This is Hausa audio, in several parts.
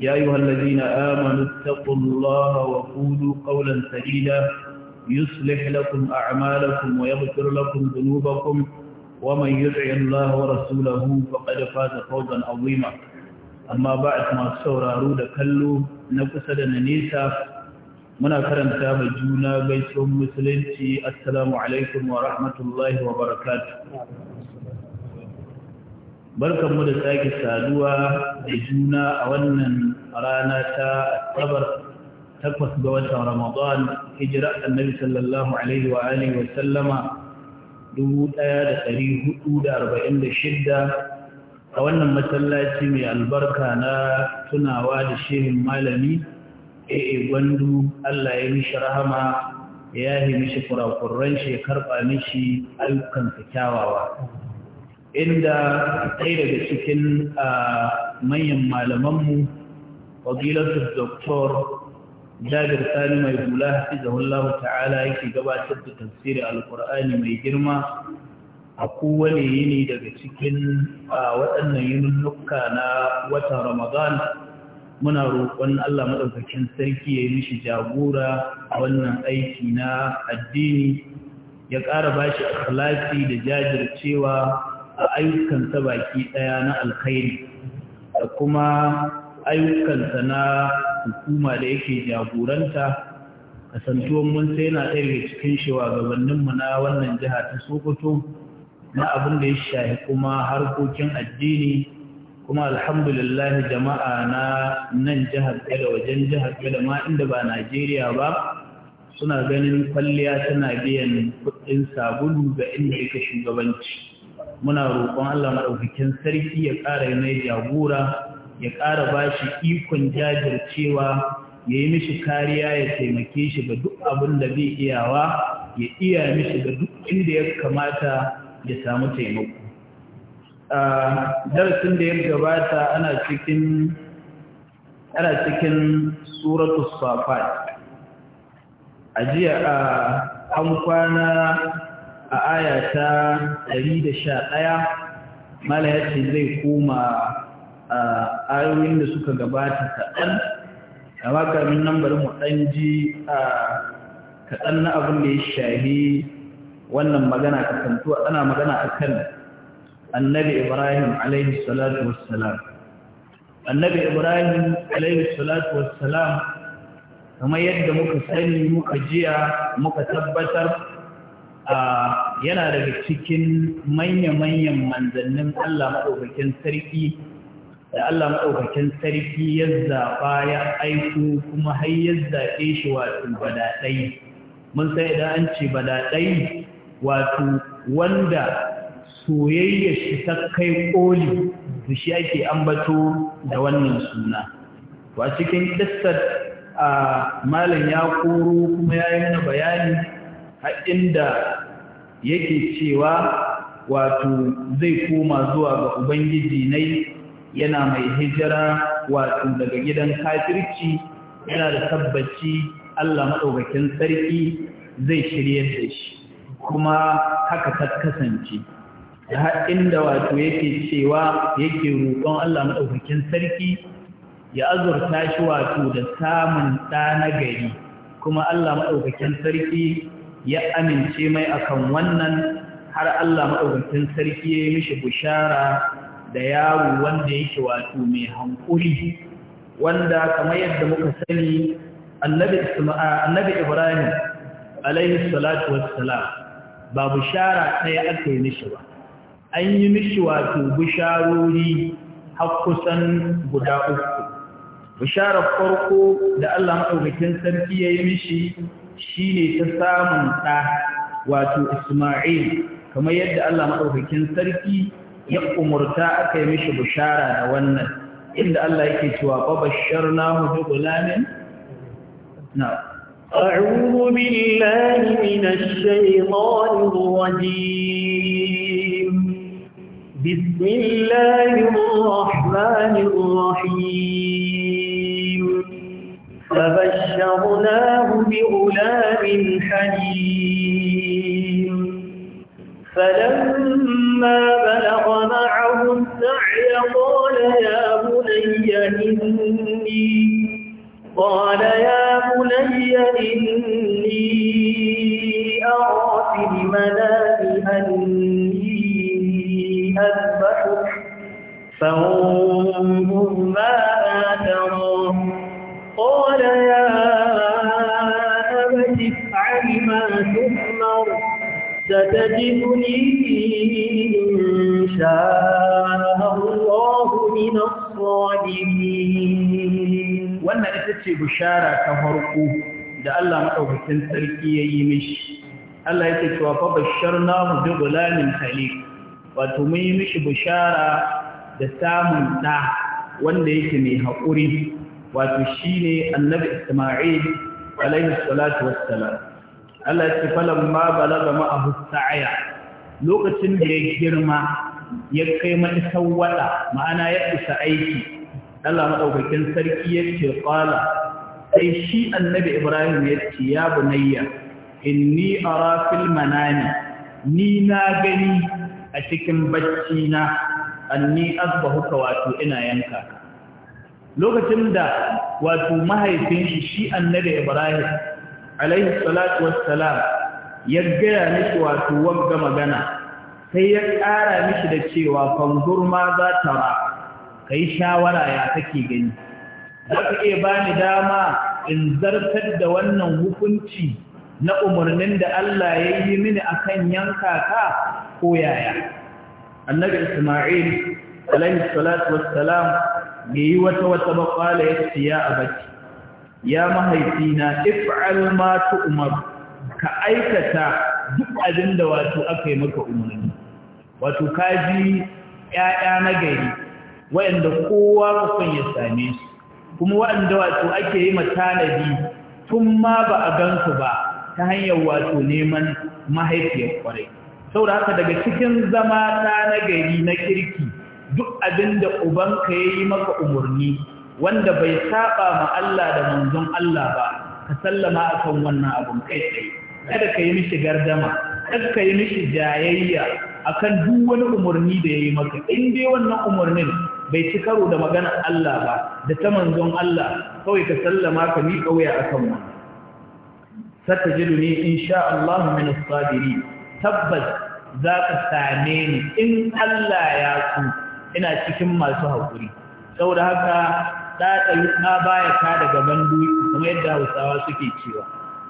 يا أيها الذين آمنوا اتقوا الله وقولوا قولا سديدا يصلح لكم أعمالكم ويغفر لكم ذنوبكم ومن يطع الله ورسوله فقد فاز فوزا عظيما أما بعد ما سورارو da kallo na kusa da nesa muna karanta ma juna gaisuwar musulunci assalamu alaikum wa rahmatullahi wa barakatuh mu da sake saduwa da juna a wannan rana ta asabar takwas ga watan ramadan hijira annabi sallallahu alaihi wa alihi wa sallama 1446 a wannan masallaci mai albarka na tunawa da shehin malami AA gwandu Allah ya mishi rahama ya yi mishi kurakurran shi ya karɓa mishi ayyukansa kyawawa inda ɗaya daga cikin manyan malamanmu fadilatul doktor jabir sani mai hula hafizahullahu ta'ala yake gabatar da tafsirin alkur'ani mai girma a kowane yini daga cikin waɗannan yinunnuka na watan ramadan muna roƙon Allah maɗaukakin sarki ya yi mishi jagora a wannan aiki na addini ya ƙara ba shi akhlaki da jajircewa a ayyukansa baki ɗaya na alkhairi da kuma ayyukansa na hukuma da yake jagoranta kasantuwan mun sai na ɗaya cikin cikin shugabanninmu na wannan jiha ta sokoto na abin da ya shahi kuma harkokin addini kuma alhamdulillah jama'a na nan jihar da wajen jihar da ma inda ba najeriya ba suna ganin kwalliya tana biyan kuɗin sabulu ga inda yake shugabanci muna roƙon Allah maɗaukakin sarki ya ƙara yi mai jagora ya ƙara ba shi ikon jajircewa ya yi mishi kariya ya taimake shi ga duk abin da zai iyawa ya iya mishi ga duk inda ya kamata ya samu taimako. a darasin da ya gabata ana cikin ana cikin suratul safat a jiya an kwana a aya ta 111 ɗaya, ya ce zai koma ayoyin da suka gabata kaɗan amma kamin nan bari ji kaɗan na abin da ya shahi wannan magana kasantuwa ana magana akan annabi ibrahim alaihi salatu wassalam annabi ibrahim alaihi salatu wassalam kamar yadda muka sani muka jiya muka tabbatar yana daga cikin manya-manyan manzannin Allah maɗaukakin sarki da Allah maɗaukakin sarki ya zaɓa ya aiko kuma har ya zaɓe shi wato badaɗai mun sai idan an ce badaɗai wato wanda soyayya shi ta kai ƙoli da shi ake ambato da wannan suna wa cikin ƙistar malam ya koro kuma ya yi mana bayani har inda yake cewa wato zai koma zuwa ga ubangiji nai yana mai hijira wato daga gidan kafirci yana da tabbaci Allah maɗaukakin sarki zai shiryar da shi kuma haka ta kasance da inda wato yake cewa yake roƙon Allah maɗaukakin sarki ya azurta shi wato da samun ɗa na gari kuma Allah maɗaukakin sarki ya amince mai akan wannan har Allah maɗaukakin sarki ya yi mishi bushara da yawo wanda yake wato mai hankuli wanda kamar yadda muka sani annabi Ibrahim alaihi salatu wassalam ba bushara ɗaya aka yi mishi ba an yi mishi wato bisharori har kusan guda uku Bushara farko da Allah maɗaukakin sarki ya yi mishi shine ta samun ɗa wato Isma'il kamar yadda Allah maɗaukakin sarki ya umurta aka yi mishi bishara da wannan inda Allah yake cewa babashar nahu bi gulamin na أعوذ بالله من الشيطان الرجيم بسم الله الرحمن الرحيم فبشرناه بغلام حليم فلما بلغ معه السعي قال يا بني إني قال يا بني إني أرى في المنام أني أذبحك فانظر ما ترى قال يا أبت افعل ما تؤمر ستجدني إن شاء الله من الصالحين وأنا ita بشارة بishara da Allah maɗaukacin sarki ya yi mishi. Allah ya ce cewa fa bashar namu bi gulamin khaliq wato mun yi mishi bishara da samun ɗa wanda yake mai haƙuri wato shine annabi Isma'il alaihi salatu wassalam Allah ya ce falamma balaga ma'ahu sa'ya lokacin da ya girma ya kai ma'isan wada ma'ana ya isa aiki Allah maɗaukakin sarki ya ce ƙwala. sai shi annabi Ibrahim ya ce ya bunayya inni a fil manani. ni na gani a cikin bacci na anni azbahuka wato ina yanka ka lokacin da wato mahaifin shi shi annabi ibrahim alaihi salatu wassalam ya gaya mishi wato wanga magana sai ya ƙara mishi da cewa fanzur ma za ta ra kai shawara ya take gani za ka iya bani dama in zartar da wannan hukunci na umarnin da Allah ya yi mini a kan yanka ka ko yaya annabi isma'il alaihi salatu wassalam bai yi wata wata ba ya ce ya abaci ya mahaifina if'al ma tu'mar ka aikata duk abin da wato aka yi maka umarni wato ji ƴaƴa na gari waɗanda kowa kafin ya same su kuma waɗanda wato ake yi ma tanadi tun ma ba a gan su ba ta hanyar wato neman mahaifiyar kwarai saboda haka daga cikin zama ta na gari na kirki duk abin da ubanka ya yi maka umarni wanda bai saba ma Allah da manzon Allah ba ka sallama kan wannan abin kai tsaye kada ka yi mishi gardama kada ka yi mishi jayayya akan duk wani umarni da ya yi maka in dai wannan umarnin bai ci karo da maganar Allah ba da ta manzon Allah kawai ka sallama ka miƙa wuya akan wannan satajiduni insha Allah min as tabbas za ka same ni in Allah ya tsufa ina cikin masu haƙuri saboda haka ɗa baya ka daga gaban kuma yadda hausawa suke cewa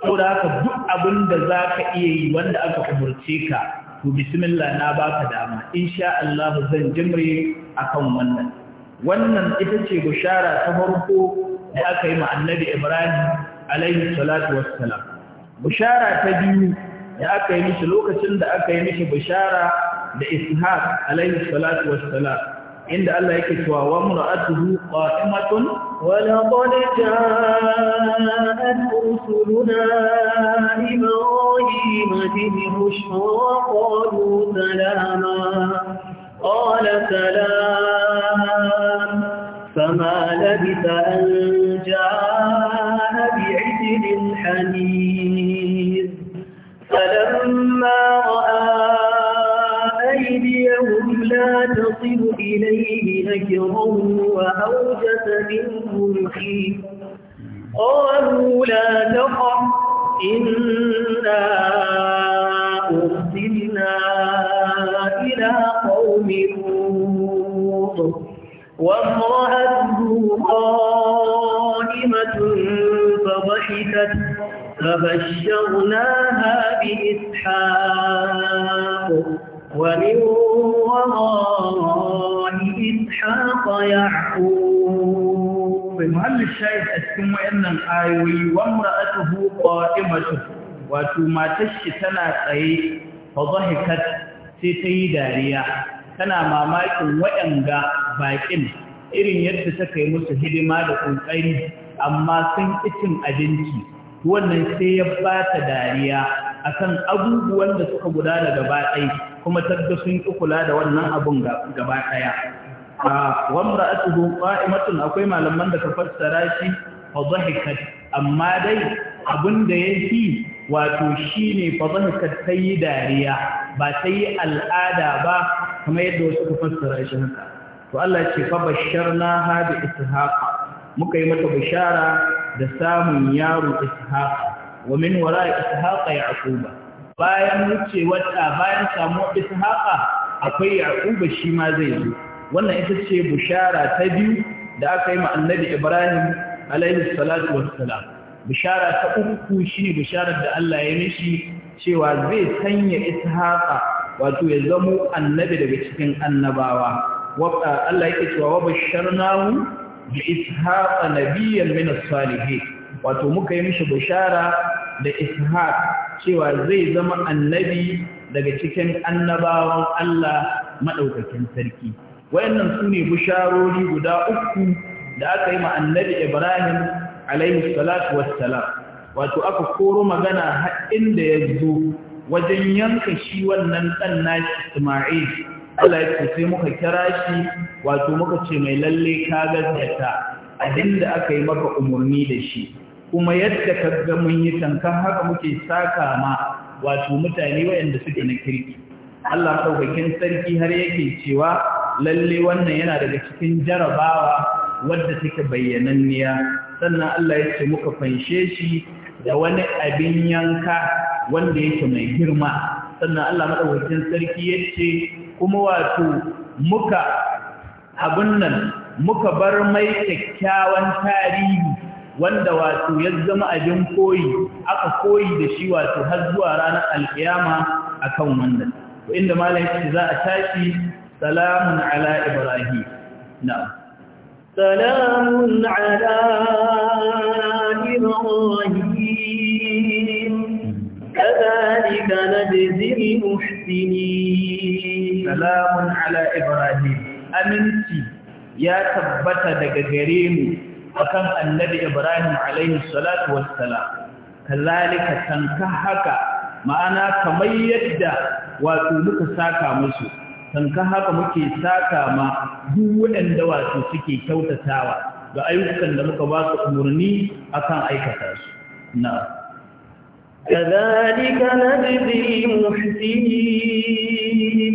saboda haka duk abin da za ka iya yi wanda aka umarce ka to bismillah na baka dama insha Allah zan jimre akan wannan wannan ita ce bishara ta farko da aka yi ma annabi Ibrahim alaihi salatu wassalam bishara ta biyu da aka yi mishi lokacin da aka yi mishi bishara da Ishaq alaihi salatu wassalam عند الله يكتوى ومرأته قائمة ولقد جاءت رسلنا إبراهيم بالبشرى قالوا سلاما قال سلام فما لبث أن جاء بعجل حنيذ فلما رأى لا تصل إليه أجرا وأوجس منهم خيف قالوا لا تقع إنا أرسلنا إلى قوم لوط وامرأته قائمة فضحكت فبشرناها بإسحاق ومن وراء إسحاق يعقوب المهل الشاهد أتكم وإن الآيوي وامرأته قائمة وتما تشتنا قي فضحكت ستي داريا كان ماماك وإنغا باكين irin yadda ta kai musu hidima da ƙoƙari amma sun ƙicin abinci wannan sai ya ba ta dariya akan abubuwan da suka gudana gaba ɗaya kuma tabba sun ki kula da wannan abun gaba ɗaya wanda a tuhu ƙwa'imatun akwai malaman da ka fassara shi fazahikat amma dai abin da ya fi wato shi ne fazahikat ta yi dariya ba ta yi al'ada ba kamar yadda wasu ka fassara shi haka to Allah ce fa bashar na ha da ishaqa muka yi mata bishara da samun yaro ishaqa wa min wara ishaqa yaquba bayan wucewar wata bayan samu ishaqa akwai yaquba shi ma zai zo wannan ita ce bushara ta biyu da aka yi ma annabi ibrahim alaihi salatu wassalam bushara ta uku shine bisharar da Allah ya mishi cewa zai sanya ishaqa wato ya zamo annabi daga cikin annabawa Allah yake cewa wa basharnahu bi ishaqa nabiyyan min as-salihin wato muka yi mishi bishara da ishaq cewa zai zama annabi daga cikin annabawan Allah madaukakin sarki wayannan sune bisharori guda uku da aka yi ma annabi Ibrahim alaihi salatu wassalam wato aka koro magana har inda ya zo wajen yanka shi wannan dan nashi Isma'il Allah ya sai muka kira shi wato muka ce mai lalle ka gaskata abinda aka yi maka umarni da shi kuma yadda ka ga mun yi tankan haka muke saka ma wato mutane waɗanda suke na kirki Allah ɗaukakin sarki har yake cewa lalle wannan yana daga cikin jarabawa wadda take bayyananniya sannan Allah ya ce muka fanshe shi da wani abin yanka wanda yake mai girma sannan Allah maɗaukakin sarki ya ce kuma wato muka abin nan muka bar mai kyakkyawan tarihi wanda wato ya zama abin koyi aka koyi da shi wato har zuwa ranar alkiyama akan wannan to inda malam yake za a tashi salamun ala ibrahim na'am salamun ala ibrahim hmm. kadhalika najzi al-muhsinin salamun ala ibrahim aminci ya tabbata daga gare mu akan annabi Ibrahim alaihi salatu wassalam kazalika tanka haka ma'ana kamar yadda wato muka saka musu tanka haka muke saka ma duk waɗanda wato suke kyautatawa ga ayyukan da muka ba su umarni akan aikata su na كذلك نجزي المحسنين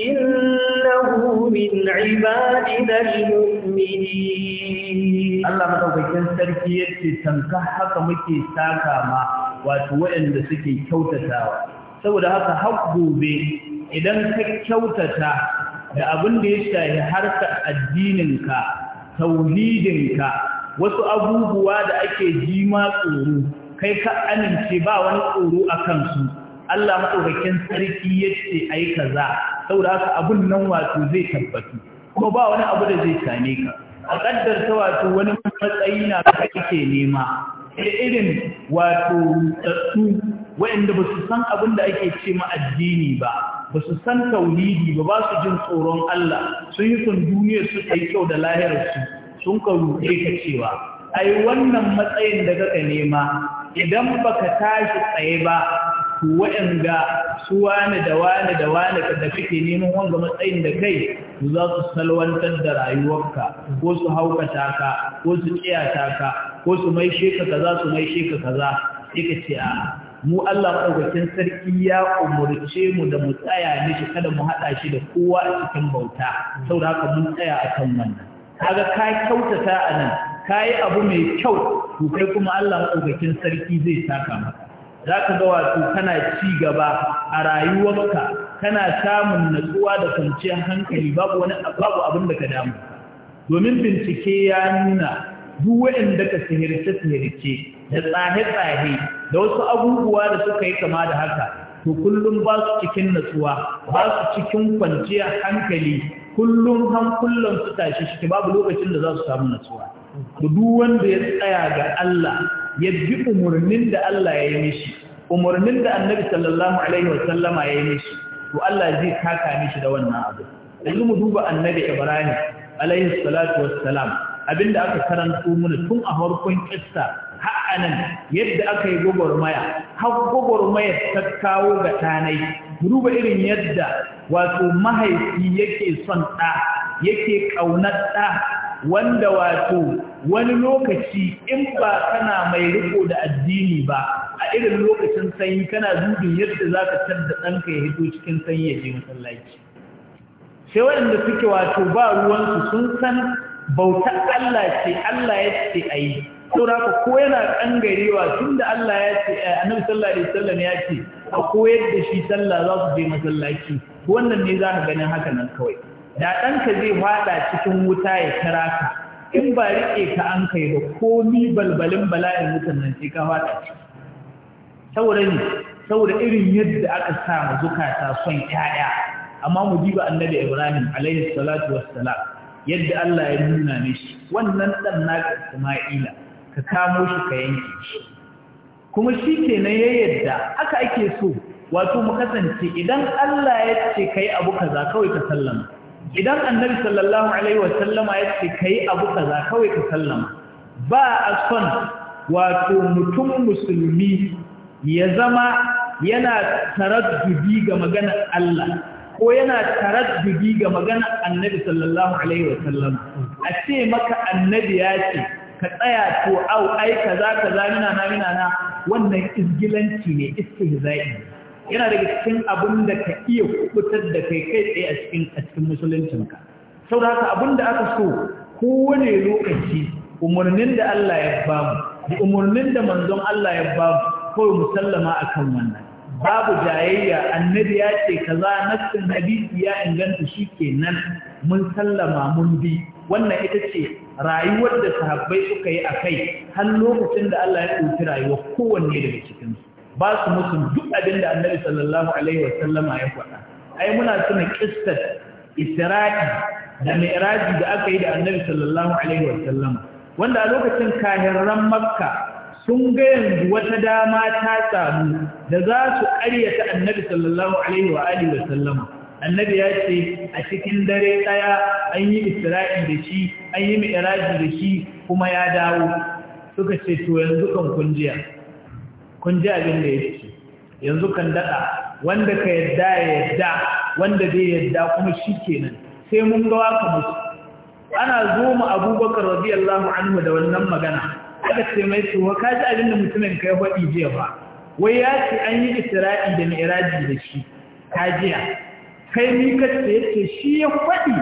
innahu min ibadina almu'minin Allah madaukakin sarki yace tanka haka muke saka wato waɗanda suke kyautatawa saboda haka gobe, idan ka kyautata da abin da ya shafi harkar addininka tauhidinka wasu abubuwa da ake jima tsoro kai ka amince ba wani tsoro a kansu Allah maɗaukakin sarki ya ce ai kaza saboda haka abun nan wato zai tabbatu kuma ba wani abu da zai same ka a kaddar ta wato wani matsayi na ka kake nema irin wato tsatsu waɗanda ba su san abin da ake ce ma addini ba ba su san tauhidi ba ba su jin tsoron Allah sun yi sun duniya su ta yi kyau da lahirarsu sun ka ruɗe ka cewa ai wannan matsayin da kaka nema idan baka tashi tsaye ba waɗanda su wani da wani da wani da kake neman wanga matsayin da kai za su salwantar da rayuwarka ko su haukata ka ko su tsiyata ka ko su mai sheka kaza su mai sheka kaza sai ka ce a mu Allah madaukakin sarki ya umurce mu da mu tsaya ne shi kada mu haɗa shi da kowa a cikin bauta saboda haka mun tsaya akan wannan kaga ka kyautata anan kai abu mai kyau to kai kuma Allah madaukakin sarki zai saka maka za ka ga wato kana ci gaba a rayuwarka kana samun natsuwa da kwanciyar hankali babu wani babu abin da ka damu domin bincike ya nuna duk wanda ka sihirce-sihirce da tsahe-tsahe da wasu abubuwa da suka yi kama da haka to kullum ba su cikin natsuwa ba su cikin kwanciyar hankali kullum han kullum su tashi shi babu lokacin da za su samu natsuwa duk wanda ya tsaya ga Allah ya bi umarnin da Allah ya yi mishi umarnin da annabi sallallahu alaihi wasallama ya yi mishi to Allah zai kaka mishi da wannan abu yanzu mu duba annabi Ibrahim alaihi salatu wassalam abinda aka karanto mana tun a farkon kissa har nan yadda aka yi gogormaya har gogormaya ta kawo ga tanai duba irin yadda wato mahaifi yake son ɗa yake ƙaunar ɗa wanda wato wani lokaci in ba kana mai riko da addini ba a irin lokacin sanyi kana dubin yadda za ka canza ɗanka ya hito cikin sanyi ya je masallaci sai waɗanda suke wato ba ruwansu sun san bautar Allah ce Allah ya ce a yi saura ka ko yana ƙangarewa tun da Allah ya ce eh, annabi sallallahu da sallar ya ce a koyar da shi sallah za su je masallaci wannan ne za ka ganin haka nan kawai da ɗanka zai faɗa cikin wuta ya kara ka in ba riƙe ka an kai ba komi balbalin bala'in wutan nan sai ka faɗa ciki saboda ne saboda irin yadda aka sa ma zukata son ƴaƴa amma mu diba annabi Ibrahim alaihi salatu wassalam yadda Allah ya nuna mishi wannan dan naka Isma'ila ka kamo shi ka yanke shi kuma shi kenan ya yadda haka ake so wato mu kasance idan Allah ya ce kai abu kaza kawai ka sallama idan annabi sallallahu alaihi wasallama ya ce kai abu kaza kawai ka sallama ba a son wato mutum musulmi ya zama yana taraddudi ga maganar Allah ko yana taraddudi ga maganar annabi sallallahu alaihi a ce maka annabi ya ce ka tsaya to au ai kaza kaza mina na mina na wannan izgilanci ne istihza'i yana daga cikin abin da ka iya kubutar da kai kai tsaye a cikin a cikin musuluncinka sau da haka abin da aka so kowane lokaci umarnin da Allah ya ba mu da umarnin da manzon Allah ya ba mu kawai musallama a kan wannan babu jayayya annabi ya ce kaza nassin hadisi ya inganta shi kenan mun sallama mun bi wannan ita ce rayuwar da sahabbai suka yi a kai har lokacin da Allah ya ɗauki rayuwar kowanne daga cikinsu ba su musu duk abin da annabi sallallahu alaihi wasallama ya faɗa ai muna tuna kissar isra'i da mi'raji da aka yi da annabi sallallahu alaihi wanda a lokacin kahirran makka sun ga yanzu wata dama ta samu da za su ƙaryata annabi sallallahu alaihi wa alihi annabi ya ce a cikin dare ɗaya an yi isra'i da shi an yi mi'raji da shi kuma ya dawo suka ce to yanzu kan kunjiya kun ji abin da yake yanzu kan daɗa. wanda ka yadda ya yadda wanda bai yadda kuma shi kenan sai mun gawa waka mutu. ana zo mu abubakar radiyallahu anhu da wannan magana aka ce mai tuwa ka ji abin da mutumin yi faɗi jiya ba wai ya ce an yi isra'i da mi'raji da shi kajiya jiya kai ni kacce yake shi ya faɗi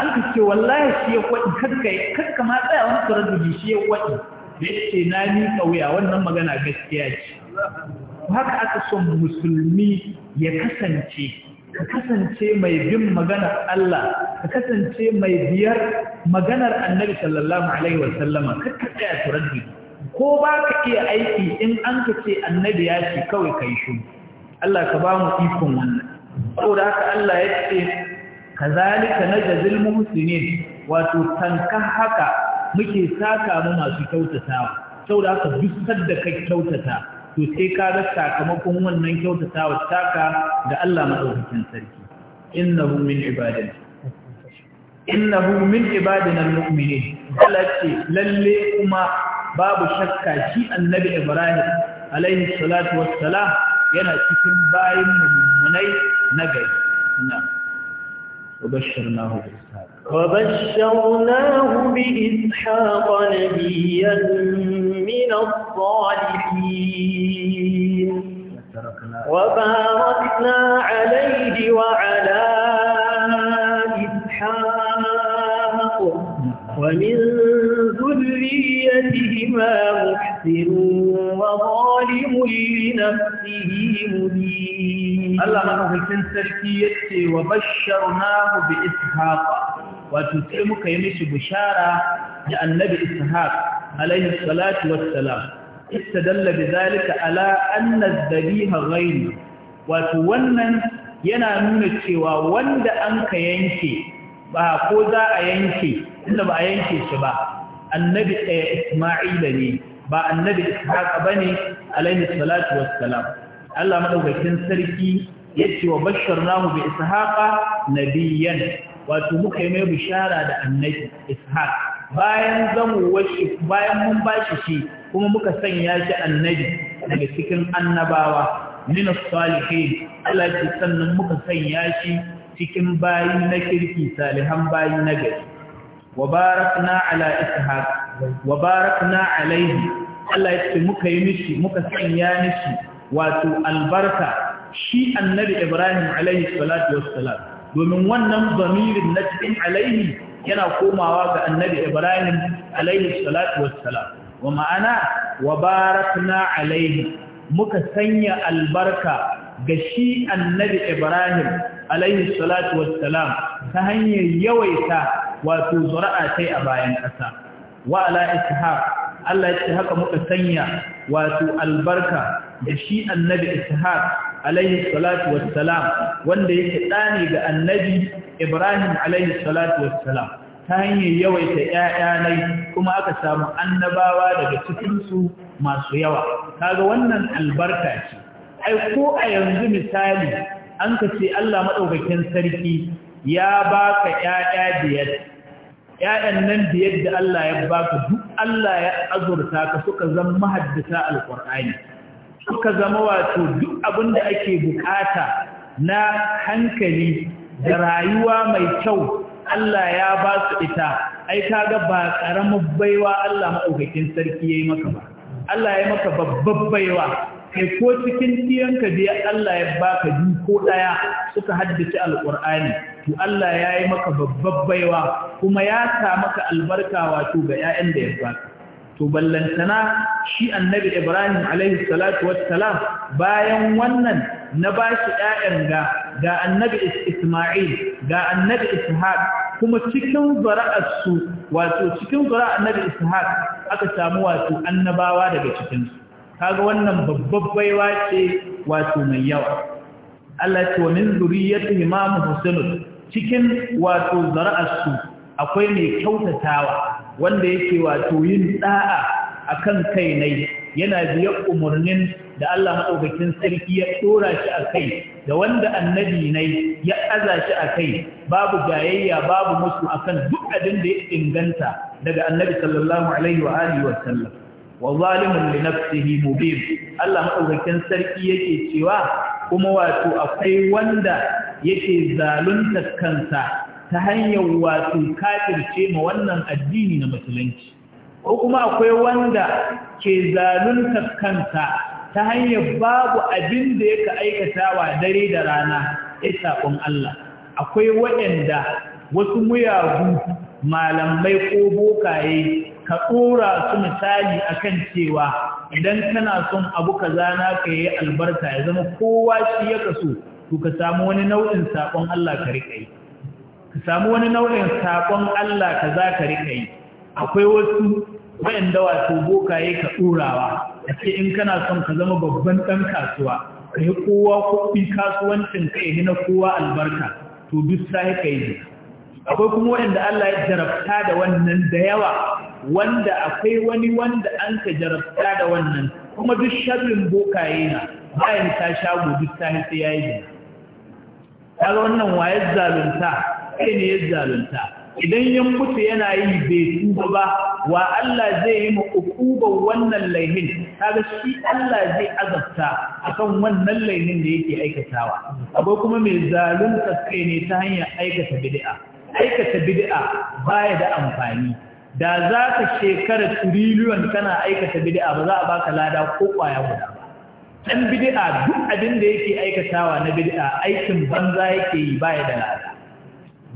an ka ce wallahi shi ya kwaɗi kakka ma tsaya wani tsarar da shi ya kwaɗi da ce na ni wuya wannan magana gaskiya ce haka aka son musulmi ya kasance ka kasance mai bin maganar Allah ka kasance mai biyar maganar annabi sallallahu alaihi wasallama kar ka tsaya turaddi ko ba ka iya aiki in an ka ce annabi ya ce kawai ka yi shi Allah ka ba mu ikon wannan saboda haka Allah ya ce kazalika najzil muhsinin wato tanka haka muke saka mu masu kyautatawa saboda haka duk sadda ka kyautata to sai ka ga sakamakon wannan kyautatawa taka ga Allah madaukakin sarki innahu min ibadina innahu min ibadina almu'minin lalle kuma babu shakka shi annabi Ibrahim alaihi salatu wassalam yana cikin bayin mummunai na gari na وبشرناه بإسحاق نبيا من الصالحين وباركنا عليه وعلى إسحاق ومن ذريتهما محسن وظالم لنفسه مبين الله من هو الكنسة وبشرناه بإسحاق wato sai muka yi mishi bishara da annabi ishaq alaihi salatu wassalam istadalla bidhalika ala anna dhabiha ghayr wato wannan yana nuna cewa wanda an ka yanke ba ko za a yanke inda ba a yanke shi ba annabi isma'ila ne ba annabi ishaq bane alaihi salatu wassalam Allah madaukakin sarki yace wa basharnahu bi ishaqa nabiyyan wato muka yi mai bishara da annabi ishaq bayan zamuwar Washi bayan mun bashi shi kuma muka sanya shi annabi daga cikin annabawa min as-salihin Allah ya sannan muka sanya shi cikin bayi na kirki salihan bayi na gari wa barakna ala ishaq wa barakna alaihi Allah ya ce muka yi mishi muka sanya mishi wato albarka shi annabi Ibrahim alaihi salatu wassalam domin wannan zamirin na cikin alaihi yana komawa ga annabi ibrahim alaihi salatu wassalam wa ma'ana wa barakna alaihi muka sanya albarka ga shi annabi ibrahim alaihi salatu wassalam ta hanyar yawaita wato zura'a sai a bayan ƙasa wa ala ishaq Allah ya ce haka muka sanya wato albarka da shi annabi ishaq alaihi salatu wassalam wanda yake ɗani ga annabi ibrahim alaihi salatu wassalam ta hanyar yawaita ‘ya'yanai kuma aka samu annabawa daga cikinsu masu yawa kaga wannan albarka ce ai ko a yanzu misali an ka ce Allah maɗaukakin sarki ya baka biyar ‘ya'yan nan biyar da Allah ya baka duk Allah ya azurta ka suka zama mahaddata alƙur'ani suka zama wato duk abin da ake bukata na hankali da rayuwa mai kyau Allah ya ba su ita ai kaga ba karamin baiwa Allah maɗaukakin sarki yayi maka ba Allah ya maka babbar baiwa kai ko cikin tiyanka da Allah ya baka ji ko daya suka haddace alqur'ani to Allah ya yi maka babbar baiwa kuma ya sa maka albarka wato ga ƴaƴan da ya baka to ballantana shi annabi ibrahim alaihi salatu wassalam bayan wannan na ba shi ƴaƴan ga ga annabi isma'il ga annabi ishaq kuma cikin zuri'arsu wato cikin zuri'ar annabi ishaq aka samu wato annabawa daga cikin su kaga wannan babbar baiwa ce wato mai yawa Allah ce wa min zuriyatihi ma cikin wato zuri'arsu akwai mai kyautatawa wanda yake wato yin da'a akan kai nai yana biya umarnin da Allah madaukakin sarki ya dora shi a kai da wanda annabi nai ya aza shi a kai babu gayayya babu musu akan duk abin da ya inganta daga annabi sallallahu alaihi wa alihi wa sallam wa zalimun li nafsihi mubin Allah madaukakin sarki yake cewa kuma wato akwai wanda yake zalunta kansa ta hanyar wato kafirce ma wannan addini na musulunci ko kuma akwai wanda ke zalunta kanta ta hanyar babu abin da yake wa dare da rana ya sakon Allah akwai waɗanda wasu muyagu malamai ko bokaye ka tsora su misali akan cewa idan kana son abu kaza na ka yi albarka ya zama kowa shi ya kaso to ka samu wani nau'in sakon Allah ka riƙa yi ka samu wani nau'in saƙon Allah ka za ka rika yi akwai wasu wayan dawa su bokaye ka ɗurawa a ce in kana son ka zama babban ɗan kasuwa ka yi kowa kuɗi kasuwancin ka yi na kowa albarka to duk sai ka yi akwai kuma wayanda Allah ya jarabta da wannan da yawa wanda akwai wani wanda an ka jarabta da wannan kuma duk sharrin bokaye na bayan ta shago duk sai sai ya yi kaga wannan waye zalunta sai ne ya zalunta idan ya mutu yana yi bai tuba ba wa Allah zai yi mu ukubar wannan laihin kaga shi Allah zai azabta akan wannan laihin da yake aikatawa abai kuma mai zalunta kai ne ta hanyar aikata bid'a aikata bid'a baya da amfani da za ka shekara tiriliyon kana aikata bid'a ba za a baka lada ko kwaya guda ba dan bid'a duk abin da yake aikatawa na bid'a aikin banza yake yi baya da lada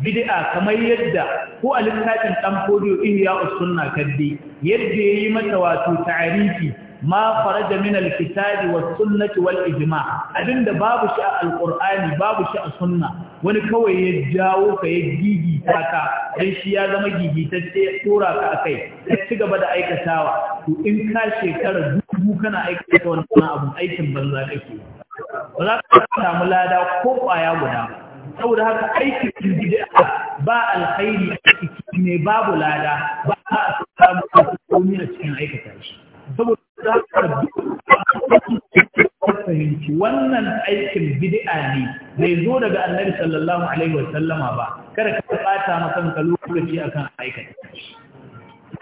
bid'a kamar yadda ko a littafin dan fodiyo ihya usunna kaddi yadda yayi mata wato ta'arifi ma faraja min alkitabi wa sunnati wal ijma abinda babu shi a al-qur'ani babu shi a sunna wani kawai ya jawo ka ya gigi taka dan shi ya zama gigitacce tura ka akai ka ci gaba da aikatawa to in ka shekara dubu kana aikata wannan abun aikin banza kake ba za ka samu lada ko kwaya guda ba saboda haka aikin bid'a ba alkhairi ne babu lada ba a samu komai a cikin aikata shi saboda haka fahimci wannan aikin bid'a ne bai zo daga annabi sallallahu alaihi wa sallama ba kada ka bata ma kanka lokaci akan aikata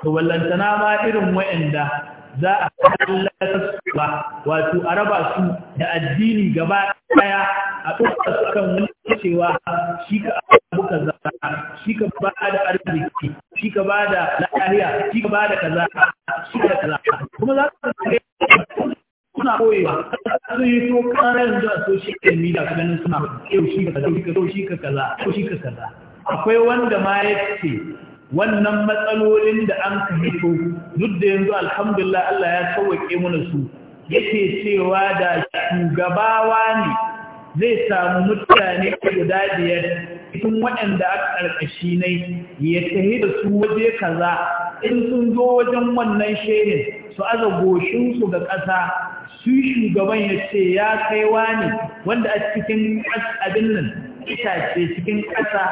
to wallantana ma irin wa'anda za a hallaka su ba wato a raba su da addini gaba daya a ɗauka su kan wani cewa shi ka abu kaza shi ka ba da arziki shi ka ba da lafiya shi ka ba da kaza shi ka kaza kuma za ka ga suna koyewa sun yi so karar yanzu a ka yi da ganin suna yau shi ka kaza yau shi ka kaza yau shi ka kaza akwai wanda ma ya ce wannan matsalolin da an ka hito duk da yanzu alhamdulillah Allah ya sauwaƙe mana su yake cewa da shugabawa ne zai samu mutane guda biyar cikin waɗanda aka ƙarƙashi ne ya tahi da su waje kaza in sun zo wajen wannan shehin su aza goshinsu ga ƙasa su shugaban ya ce ya kai wani wanda a cikin abin nan itace cikin ƙasa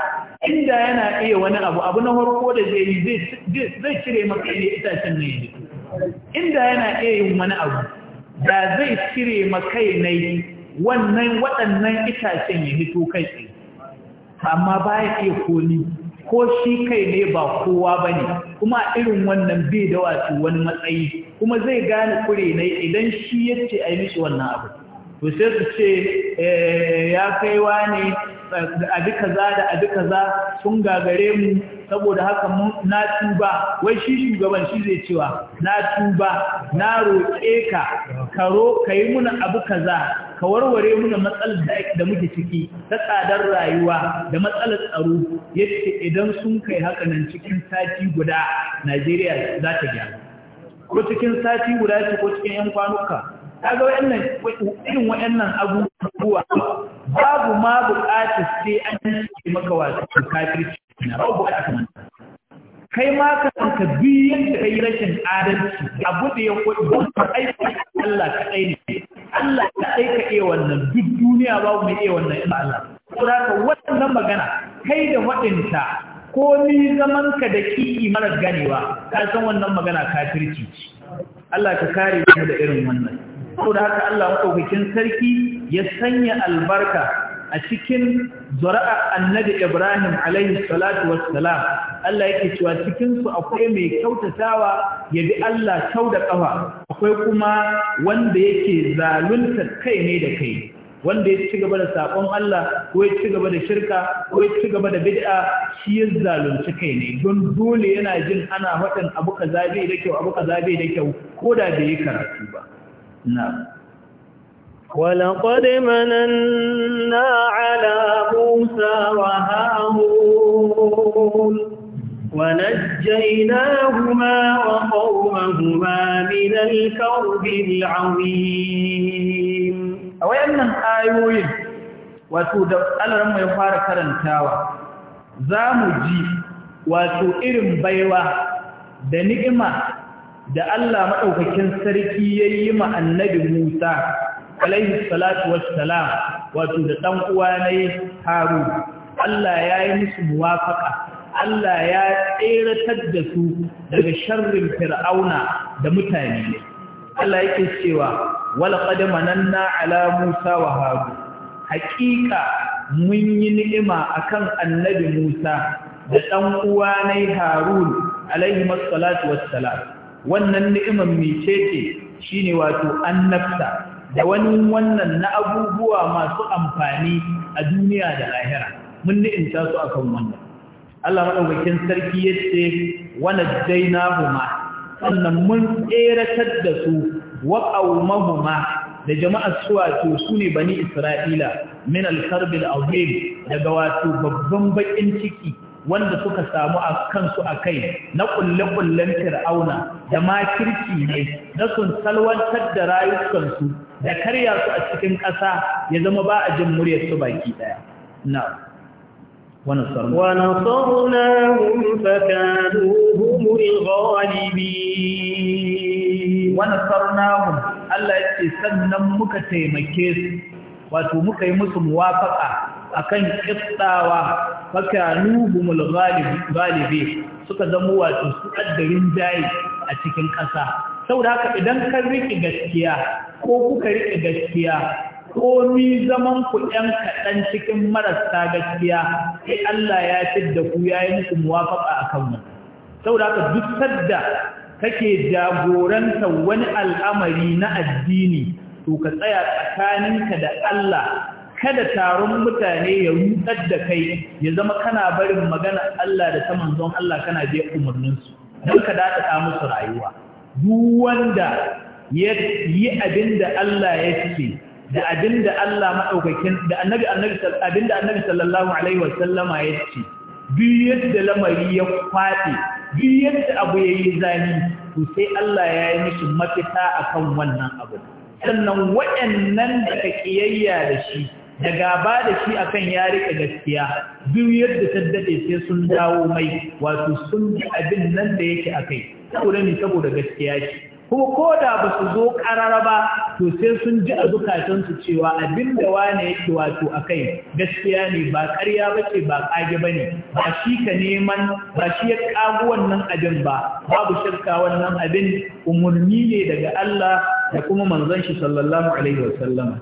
inda yana iya wani abu abu na harko da zai yi zai cire maka ne itacen nan yanzu inda yana iya yin wani abu da zai cire maka ne wannan waɗannan itacen ya hito kai tsaye amma baya iya koni ko shi kai ne ba kowa ba ne kuma irin wannan bai da wasu wani matsayi kuma zai gane kure ne idan shi ya ce a yi mishi wannan abu to sai su ce eh, ya kaiwa ne duka kaza da abi kaza sun gagare mu saboda haka na tuba wai shi shugaban shi zai cewa na tuba na roƙe ka ka yi muna abu kaza ka warware muna matsalar da muke ciki ta tsadar rayuwa da matsalar tsaro yadda idan sun kai haka nan cikin sati guda Najeriya za ta gyara ko cikin sati guda ce ko cikin 'yan kwanuka kaga wayannan irin wayannan abubuwa babu ma buƙatar sai an yi maka wasu kafirci na babu aka manta kai ma ka ka biyan da kai rashin adalci abu da ya kwaɗi don aiki Allah kaɗai ne Allah sai ka iya wannan duk duniya babu mai iya wannan in Allah saboda ka wannan magana kai da waɗinta ko ni zaman ka da ki marar ganewa ka san wannan magana kafirci ce Allah ka kare mu da irin wannan saboda haka Allah madaukakin sarki ya sanya albarka a cikin zura'a annabi Ibrahim alaihi salatu wassalam Allah yake cewa cikin su akwai mai kyautatawa ya bi Allah kau da kafa akwai kuma wanda yake zalunta kai ne da kai wanda ya ci gaba da sakon Allah ko ya ci gaba da shirka ko ya ci gaba da bid'a shi ya zalunci kai ne don dole yana jin ana watan abu kaza bai da kyau abu kaza bai da kyau ko da bai yi karatu ba na'am ولقد مننا على موسى وهارون ونجيناهما وقومهما من الكرب العظيم أولا آيوين وتود ألرم يفار كرنتاوى زامجي وتؤرم بيوى da ni'ima da Allah maɗaukakin sarki ya yi ma annabi Musa alaihi salatu wassalam wato da dan uwa ne haru Allah ya yi musu muwafaka Allah ya tseratar da su daga sharrin fir'auna da mutane Allah yake cewa wala qad mananna ala Musa wa Haru. haqiqa mun yi ni'ima akan annabi Musa da dan uwa ne Harun alaihi salatu wassalam wannan ni'imar ce shine wato annabta da wani wannan na abubuwa masu amfani a duniya da lahira mun ni'inta su akan wannan Allah madaukakin sarki yace wana huma. sannan mun tseratar da su wa huma da jama'ar su wato sune bani Isra'ila min al azim daga wato babban bakin ciki wanda suka samu a kansu a kai na kulle-kullen fir'auna da ma kirki ne na sun salwantar da rayukansu da karya su a cikin ƙasa ya zama ba a jin muryar su baki ɗaya na ونصرنا ونصرناهم فكانوا هم الغالبين Allah ya ce sannan muka taimake su wato muka yi musu muwafaqa akan kittawa fakanu humul suka zama wato su addarin jayi a cikin ƙasa saboda haka idan ka riƙe gaskiya ko kuka riƙe gaskiya ko ni zaman ku ɗan kaɗan cikin marasa gaskiya sai Allah ya da ku ya yi muku muwafaƙa a Sau saboda haka duk sadda kake jagoranta wani al'amari na addini to ka tsaya tsakaninka da Allah kada taron mutane ya rutsar da kai ya zama kana barin magana Allah da ta manzon Allah kana je umarninsu don ka ta musu rayuwa duk wanda ya yi abinda Allah ya ce da abinda Allah madaukakin da annabi annabi abinda annabi sallallahu alaihi wasallama ya ce duk yadda lamari ya kwaɗe duk yadda abu ya yi zani to sai Allah ya yi mishi mafita akan wannan abu sannan waɗannan da ka ƙiyayya da shi da gaba da shi akan ya rika gaskiya duk yadda ta daɗe sai sun dawo mai wato sun ji abin nan da yake a kai saboda ne saboda gaskiya ce kuma ko da ba su zo karara ba to sai sun ji a zukatansu cewa abin da wane yake wato a kai gaskiya ne ba ƙarya ba ce ba ƙage ba ne ba shi ka neman ba shi ya ƙago wannan abin ba babu shakka wannan abin umarni ne daga Allah da kuma manzon shi sallallahu alaihi wa sallam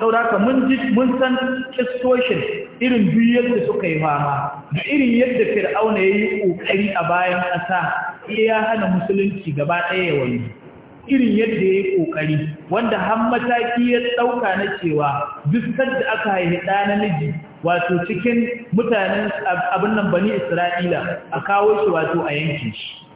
saboda mun ji mun san kistoshin irin duk yadda suka yi fama da irin yadda fir'auna ya yi ƙoƙari a bayan ƙasa ya hana musulunci gaba ɗaya wani irin yadda ya yi ƙoƙari wanda har mataki ya ɗauka na cewa biskar da aka haihi ɗa miji wato cikin mutanen abin nan bani isra'ila a kawo shi wato a yankin shi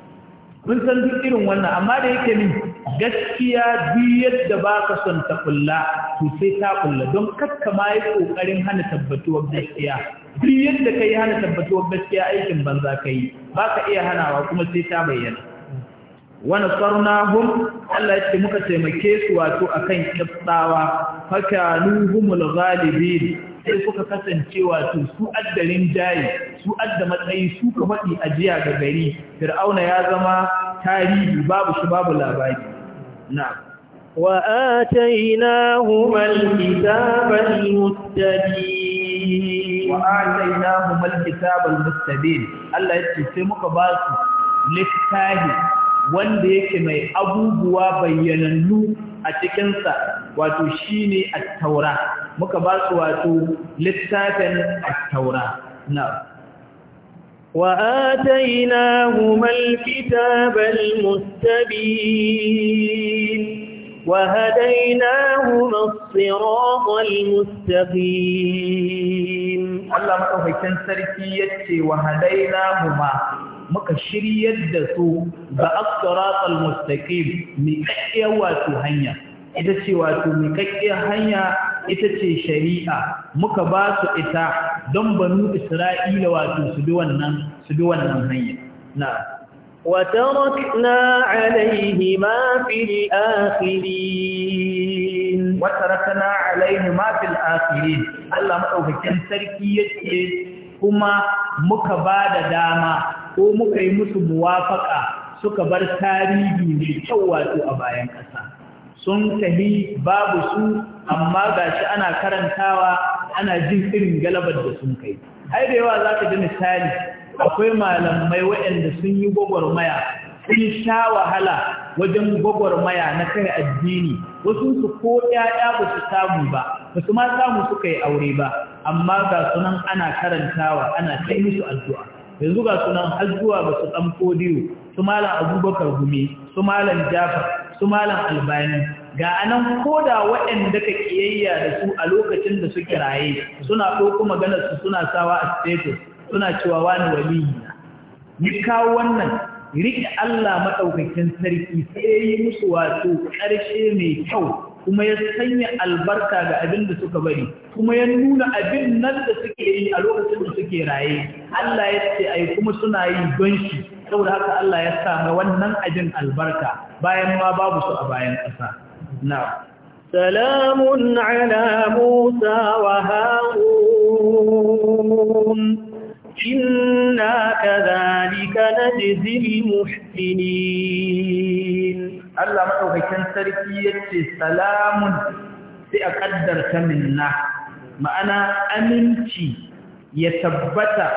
mun san duk irin wannan amma da yake min gaskiya duk yadda ba ka son ta kulla to sai ta kulla don kakka ma yi kokarin hana tabbatuwar gaskiya duk yadda ka yi hana tabbatuwar gaskiya aikin banza ka yi ba ka iya hanawa kuma sai ta bayyana wani sarnahun Allah ya ce muka taimake su wato akan fakanu Humul ghalibin sai suka kasance wato su addarin jayi su adda matsayi su ka faɗi jiya ga gari fir'auna ya zama tarihi babu shi babu labari na'am وآتيناهما الكتاب المستبين وآتيناهما Allah ya ce sai muka ba su littafi wanda yake mai abubuwa bayyanannu a cikinsa wato shine at-taura muka ba su wato littafin at-taura na'am وآتيناهما الكتاب المستبين وهديناهما الصراط المستقيم الله مكوهكين سركية وهديناهما muka shiryar da su ga as-siratal mustaqim mi kiyawatu ita ce wato miƙaƙƙiyar hanya ita ce shari'a muka ba su ita don banu isra'ila wato su bi wannan su bi wannan hanya na وتركنا عليهما في الآخرين وتركنا عليهما في الآخرين الله مدوكين sarki yake kuma muka ba da dama ko muka yi musu muwafaka suka bar tarihi mai kyau wato a bayan ƙasa sun tahi babu su amma gashi ana karantawa ana jin irin galabar da sun kai ai da yawa zaka ji misali akwai malamai waɗanda sun yi gwagwarmaya sun sha wahala wajen gwagwarmaya na kai addini wasu su ko ƴaƴa ba su samu ba ba su ma samu suka yi aure ba amma ga sunan ana karantawa ana kai musu addu'a yanzu ga sunan har zuwa ba su ɗan fodiyo su malam abubakar gumi su malam jafar su malam albani ga anan koda waɗanda ka kiyayya da su a lokacin da suke raye suna ɗauko maganar su suna sawa a status suna cewa wani waliyi ni kawo wannan riƙe Allah maɗaukakin sarki sai yi musu wato ƙarshe mai kyau kuma ya sanya albarka ga abin da suka bari kuma ya nuna abin nan da suke yi a lokacin da suke raye Allah ya ce ai kuma suna yi don shi saboda haka Allah ya sa wannan ajin albarka bayan ma babu su a bayan ƙasa salamun ala musa wa harun inna kadhalika najzil muhsinin Allah madaukakin sarki yace salamun sai a kaddarta minna ma'ana aminci ya tabbata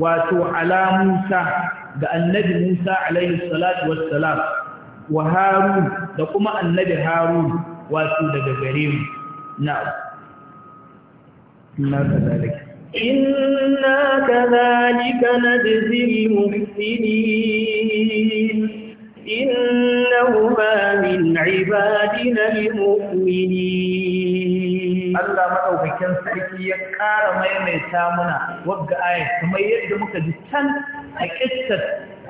wato ala musa da annabi Musa alaihi salatu wassalam wa Harun da kuma annabi Harun wato daga gare mu na'am inna kadhalika inna kadhalika najzil muhsinin إنهما من عبادنا المؤمنين Allah maɗaukakin sarki ya ƙara maimaita muna wagga aya kamar yadda muka ji can a ƙistar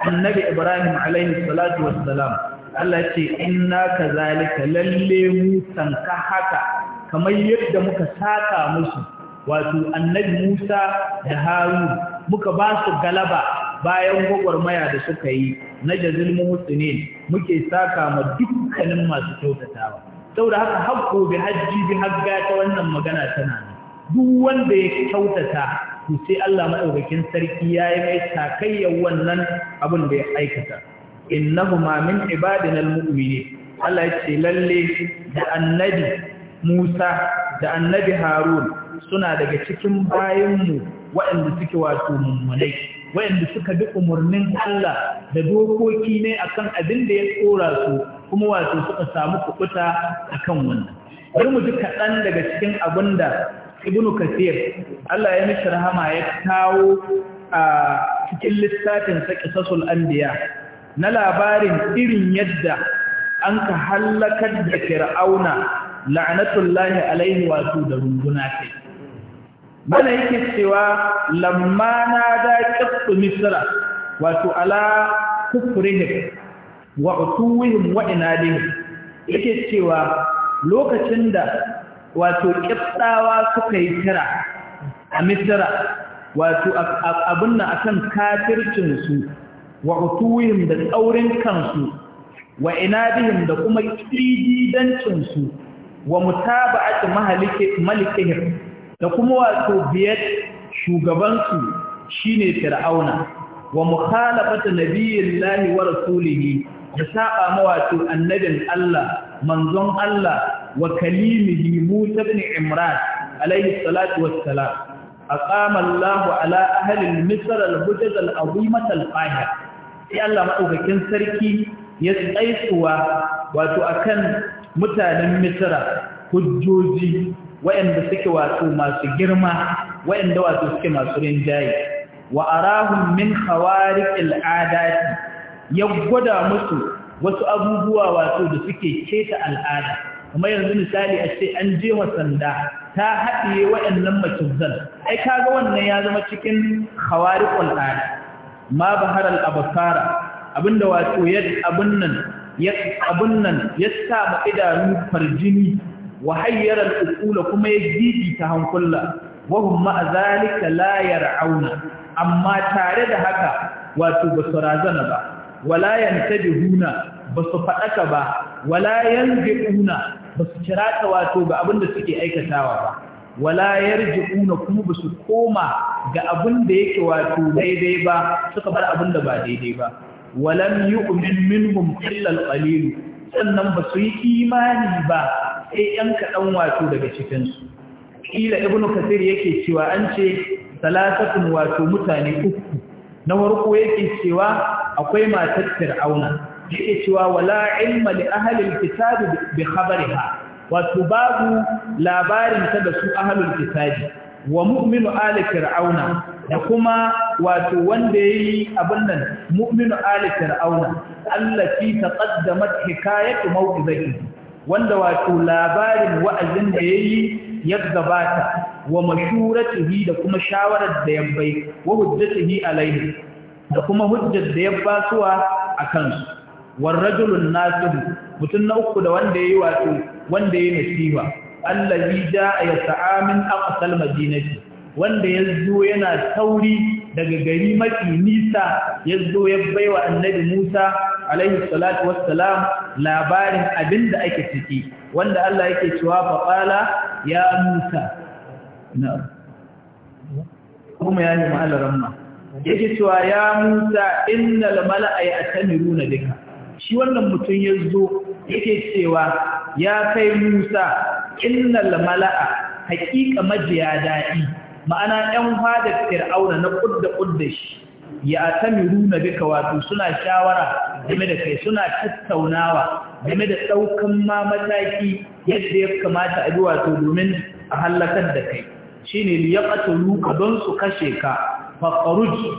annabi Ibrahim alaihi salatu wassalam Allah ce inna kazalika lalle mu ka haka kamar yadda muka saka musu wato annabi Musa da Harun muka ba su galaba bayan gwagwarmaya da suka yi na jazil muhsinin muke saka ma dukkanin masu kyautatawa saboda haka haƙo bi hajji bi hagga ta wannan magana tana nan duk wanda ya kyautata to sai Allah madaukakin sarki ya yi mai takayya wannan abin da ya aikata ma min ibadinal mu'mini Allah ya ce lalle da annabi Musa da annabi Harun suna daga cikin bayinmu waɗanda suke wato mummunai wayanda suka bi umarnin Allah da dokoki ne akan abin da ya tsora su kuma wato suka samu kubuta akan wannan bari mu ji kaɗan daga cikin abin da ibnu kasir Allah ya mishi rahama ya kawo a cikin lissafin sa qisasul anbiya na labarin irin yadda an ka halakar da fir'auna la'anatullahi alaihi wato da runguna kai mana yake cewa lamma na da kasu misra wato ala kufrihim wa utuwihim wa inadihim yake cewa lokacin da wato kiftawa suka yi kira a misra wato abin nan akan kafircin su wa utuwihim da tsaurin kansu wa inadihim da kuma kididancin su wa mutaba'at malikihim da kuma wato biyar shugabansu shine fir'auna wa mukhalafata nabiyillahi wa rasulihi da saba ma wato annabin Allah manzon Allah wa kalimihi Musa ibn Imran alayhi salatu wassalam aqama Allah ala ahli Misr al-hujaj al-azimah al-qahir sai Allah madaukakin sarki ya tsaitsuwa wato akan mutanen Misra hujjoji wa'anda suke wato masu girma wa'anda wato suke masu rinjaye wa arahum min khawariqil adati ya gwada musu wasu abubuwa wato da suke keta al'ada kuma yanzu misali a ce an je sanda ta haɗiye wa'annan macizan ai kaga wannan ya zama cikin khawariqul ada ma baharal abkara abinda wato ya abun nan ya abun nan ya sa idanu farjini wa hayyara kuma ya gidi ta hankula wahun ma'azalika layar auna amma tare da haka wato ba su razana ba walayan ta huna ba su faɗaka ba walayan ji'una ba su kirata wato ga abin da suke aikatawa ba walayar ji'una kuma ba su koma ga abin da yake wato daidai ba suka bar abin da ba daidai ba walam yu'min minhum illa al sannan ba su yi imani ba sai ‘yan kaɗan wato daga cikinsu ƙila ibn kasir yake cewa an ce salatatun wato mutane uku na warko yake cewa akwai matar fir'auna yake cewa wala ilma li ahlil kitabi bi khabariha wato babu labarin ta da su ahlul kitabi wa mu'minu ali fir'auna da kuma wato wanda yayi abin nan mu'minu ali fir'auna allati taqaddamat hikayatu mawqizati wanda wato labarin wa'azin da yayi ya gabata wa mashuratihi da kuma shawarar da ya bai wa hujjatihi alaihi da kuma hujjar da ya basuwa akan su rajulun nasib mutun na uku da wanda yayi wato wanda yayi nasiha allazi jaa sa'a min aqsal madinati wanda yazo yana tauri daga gari mafi nisa yazo ya baiwa annabi Musa alaihi salatu wassalam labarin abinda ake ciki wanda Allah yake cewa fa qala ya Musa na'am kuma ya nemi Allah yake cewa ya Musa innal mala'a ya'tamiruna bika shi wannan mutum ya zo yake cewa ya kai Musa innal mala'a haƙiƙa majiya daɗi ma'ana ƴan fadar fir'auna na kudda kudda shi ya tamiruna bika wato suna shawara game da kai suna tattaunawa game da ɗaukan ma mataki yadda ya kamata a bi wato domin a hallakar da kai shine li yaqtulu ka don su kashe ka fa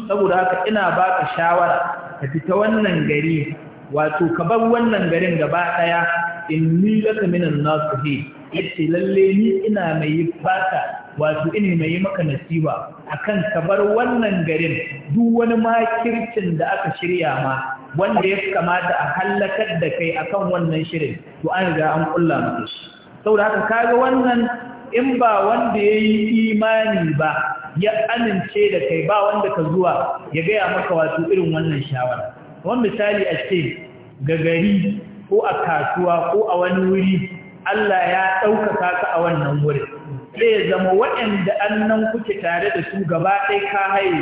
saboda haka ina baka shawara ka fita wannan gari wato ka bar wannan garin gaba daya ni laka minan nasihi yace lalle ni ina mai fata wato ina mai maka nasiba akan ka bar wannan garin duk wani makircin da aka shirya ma wanda ya kamata a hallakar da kai akan wannan shirin to an ga an kulla maka shi saboda haka kaga wannan in ba wanda yayi imani ba ya amince da kai ba wanda ka zuwa ya gaya maka wato irin wannan shawara Wan misali a ce ga gari ko a kasuwa ko a wani wuri Allah ya ɗaukaka ka a wannan wurin zai zama waɗanda annan kuke tare da su gaba ɗaya ka haye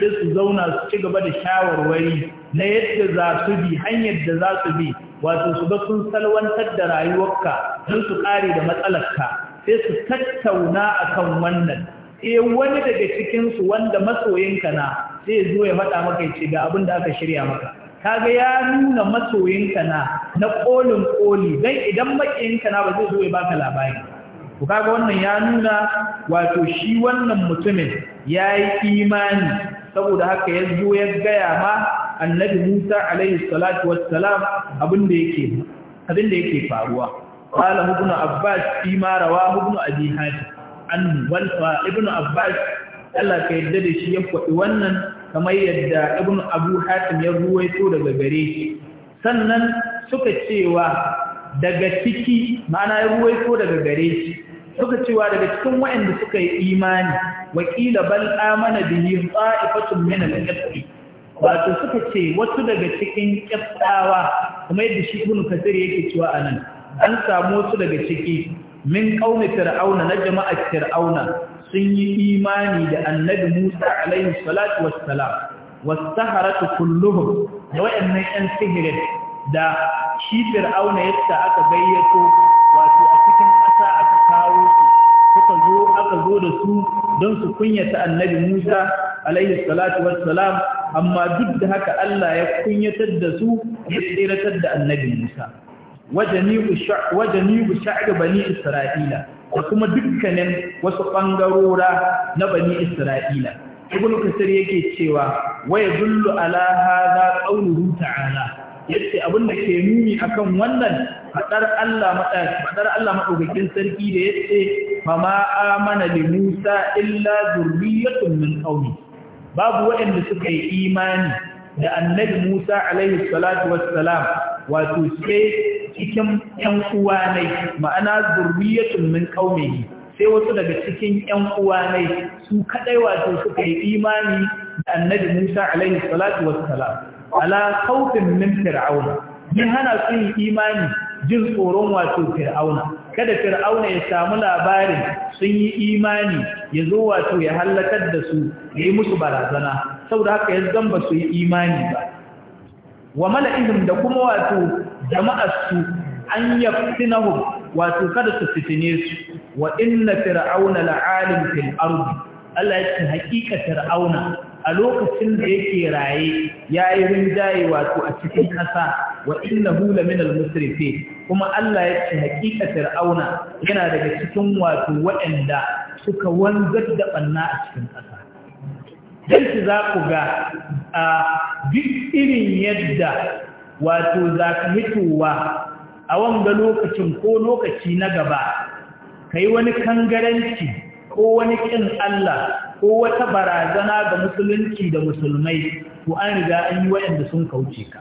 su sai su zauna su ci gaba da shawarwari na yadda za su bi hanyar da za su bi wato su ga sun salwantar da rayuwarka don su ƙare da matsalarka sai su tattauna akan wannan eh wani daga cikinsu wanda masoyinka na zai zo ya faɗa maka ya ce ga abin da aka shirya maka kaga ya nuna masoyinka na na kolin koli dan idan makiyinka na ba zai zo ya baka labari ku kaga wannan ya nuna wato shi wannan mutumin ya yi imani saboda haka ya zo ya gaya ma annabi Musa alaihi salatu wassalam abin da yake abin da yake faruwa qala ibn abbas fi ma rawahu ibn abi hatim an ibn abbas Allah ka yadda da shi ya faɗi wannan kamar yadda ibn abu hatim ya ruwaito daga gare shi sannan suka cewa daga ciki ma'ana ya ruwaito daga gare shi suka cewa daga cikin waɗanda suka yi imani wakila bal amana bihi ta'ifatun min al-qibti wato suka ce wasu daga cikin ƙyafɗawa kuma yadda shi ibn kasir yake cewa anan an samu wasu daga ciki min ƙaunar fir'auna na jama'ar fir'auna sun yi imani da annabi Musa alaihi salatu wassalam wastaharatu kulluhum da wayannan yan sihirin da shi fir'auna yadda aka gayyato wato a cikin ƙasa aka kawo su suka zo aka zo da su don su kunyata annabi Musa alaihi salatu wassalam amma duk da haka Allah ya kunyatar da su ya tsiratar da annabi Musa bu sha'ir bani isra'ila da kuma dukkanin wasu ɓangarora na bani isra'ila ibn kasir yake cewa waya dullu ala hadha qawluhu ta'ala yace abin da ke nuni akan wannan fadar Allah madaki fadar Allah madaukakin sarki da yace fama amana li Musa illa zurriyatun min qawmi babu waɗanda suka yi imani da annabi Musa alaihi salatu wassalam wato sai cikin ƴan uwanai ma'ana zurriyatun min qaumihi sai wasu daga cikin ƴan uwanai su kadai wato suka yi imani da annabi Musa alaihi salatu wassalam ala khawfin min fir'auna yi hana su yi imani jin tsoron wato fir'auna kada fir'auna ya samu labarin sun yi imani ya zo wato ya hallakar da su ya yi musu barazana saboda haka yanzu ba su yi imani ba wa mala'ihim da kuma wato jama'arsu an yaftinahum wato kada su fitine su wa inna fir'auna la'alim fil ardi Allah ya ce haƙiƙa fir'auna a lokacin da yake raye yayi rinjaye wato a cikin ƙasa wa innahu lamin al-musrifin kuma Allah ya ce haƙiƙa fir'auna yana daga cikin wato waɗanda suka wanzar da banna a cikin ƙasa don za ku ga a duk irin yadda wato za ka mitowa a wanga lokacin ko lokaci na gaba ka yi wani kangaranci ko wani ƙin Allah ko wata barazana ga musulunci da musulmai to an riga an yi wa'anda sun kauce ka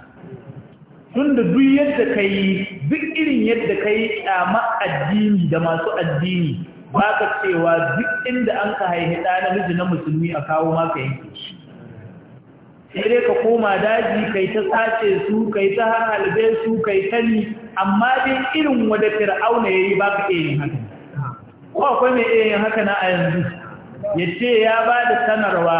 tun da duk yadda ka yi duk irin yadda ka yi ƙyama addini da masu addini ba ka cewa duk inda an ka haihi ɗa namiji na musulmi a kawo maka yanki sai dai ka koma daji kai ta sace su kai ta halbe su kai ta ni amma dai irin wadda fir'auna ya yi ba ka iya yin haka ko akwai mai iya yin haka na a yanzu ya ce ya ba da sanarwa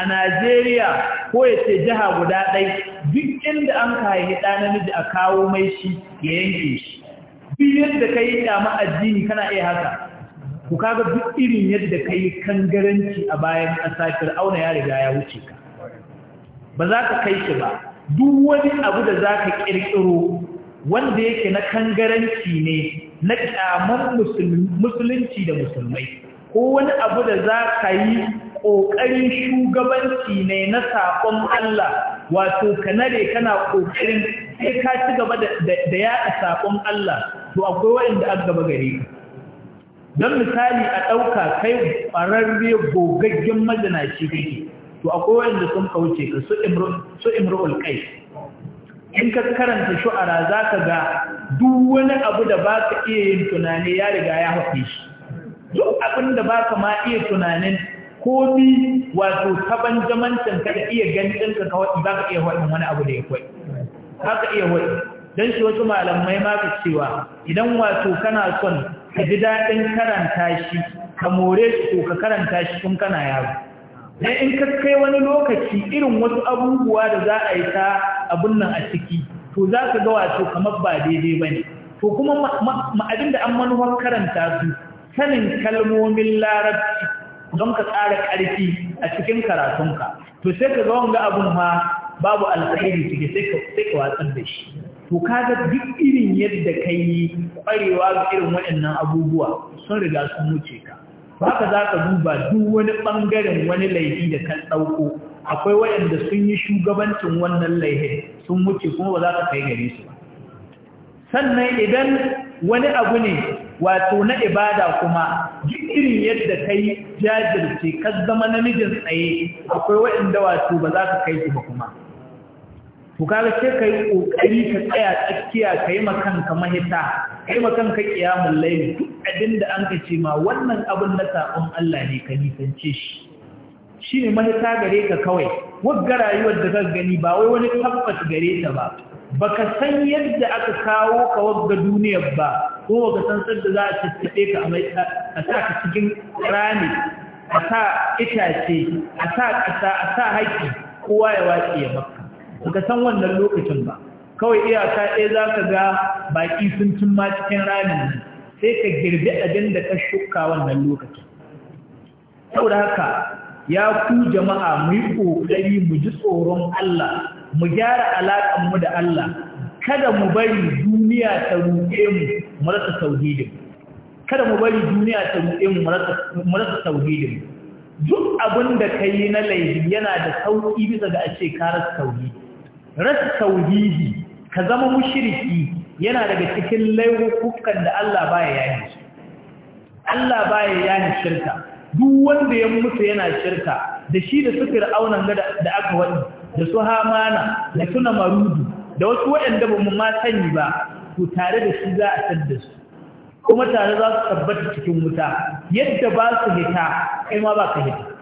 a najeriya ko ya ce jiha guda ɗai duk inda an ka haihi ɗa namiji a kawo mai shi ya yanke shi duk yadda ka yi dama addini kana iya haka ku kaga duk irin yadda ka yi kangaranci a bayan ƙasa auna ya riga ya wuce ka ba za ka kai shi ba duk wani abu da za ka ƙirƙiro wanda yake na kangaranci ne na ƙyamar musulunci da musulmai ko wani abu da za ka yi ƙoƙarin shugabanci ne na saƙon Allah wato ka nare kana ƙoƙarin sai ka ci gaba da yaɗa saƙon Allah to akwai waɗanda an gaba gare ka don misali a ɗauka kai ƙwararre gogaggen shi kake to akwai wanda sun kauce ka su imrul kai in ka karanta shu'ara za ka ga duk wani abu da ba ka iya yin tunani ya riga ya haɗe shi duk abin da ba ka ma iya tunanin komi wato taban jamancin ka iya ganin ɗinka za ka iya waɗin wani abu da ya kwai za ka iya don shi wasu malamai ma su cewa idan wato kana son ka ji daɗin karanta shi ka more su ko ka karanta shi tun kana yaro dan in ka kai wani lokaci irin wasu abubuwa da za a yi ta abun nan a ciki to za ka ga wato kamar ba daidai ba ne to kuma ma'adin da an manuwar karanta su sanin kalmomin larabci don ka tsara ƙarfi a cikin karatunka to sai ka ga wanga abun ma babu alkhairi cike sai ka watsar da shi to kaga duk irin yadda ka yi ƙwarewa ga irin waɗannan abubuwa sun riga sun wuce ka ba ka za ka duba duk wani ɓangaren wani laifi da kan ɗauko akwai waɗanda sun yi shugabancin wannan laifin sun wuce kuma ba za ka kai gare su ba sannan idan wani abu ne wato na ibada kuma duk irin yadda kai jajirce ka zama namijin tsaye akwai waɗanda wato ba za ka kai su ba kuma ku kaga sai kai kokari ka tsaya tsakiya kai kanka mahita kai kanka kiyamul layl duk abin da an kace ma wannan abin na sabon Allah ne ka nisance shi shine mahita gare ka kawai wagga rayuwar da ka gani ba wai wani tabbas gare ta ba baka san yadda aka kawo ka wagga duniyar ba ko baka san sanda za a tattabe ka a sa ka cikin rani a sa itace a sa ƙasa a sa haƙi kowa ya wace ya baka Ka san wannan lokacin ba kawai iyaka ɗaya za ka ga baƙi sun cin ma cikin ramin sai ka girbi abin da ka shuka wannan lokacin saboda haka ya ku jama'a mu yi ƙoƙari mu ji tsoron Allah mu gyara alaƙanmu da Allah kada mu bari duniya ta ruɗe mu mu rasa tauhidin kada mu bari duniya ta ruɗe mu mu rasa tauhidin duk abin da ka na laifi yana da sauƙi bisa ga a ce ka rasa tauhidi rasa tauhidi ka zama mushriki yana daga cikin laifukan da Allah baya yani Allah baya yani shirka duk wanda ya mutu yana shirka da shi da su fir'aunan da aka wani da su hamana da Suna Marudu, da wasu waɗanda ba mu ma sani ba to tare da shi za a san da su kuma tare za su tabbata cikin wuta yadda ba su hita kai ma ba ka hita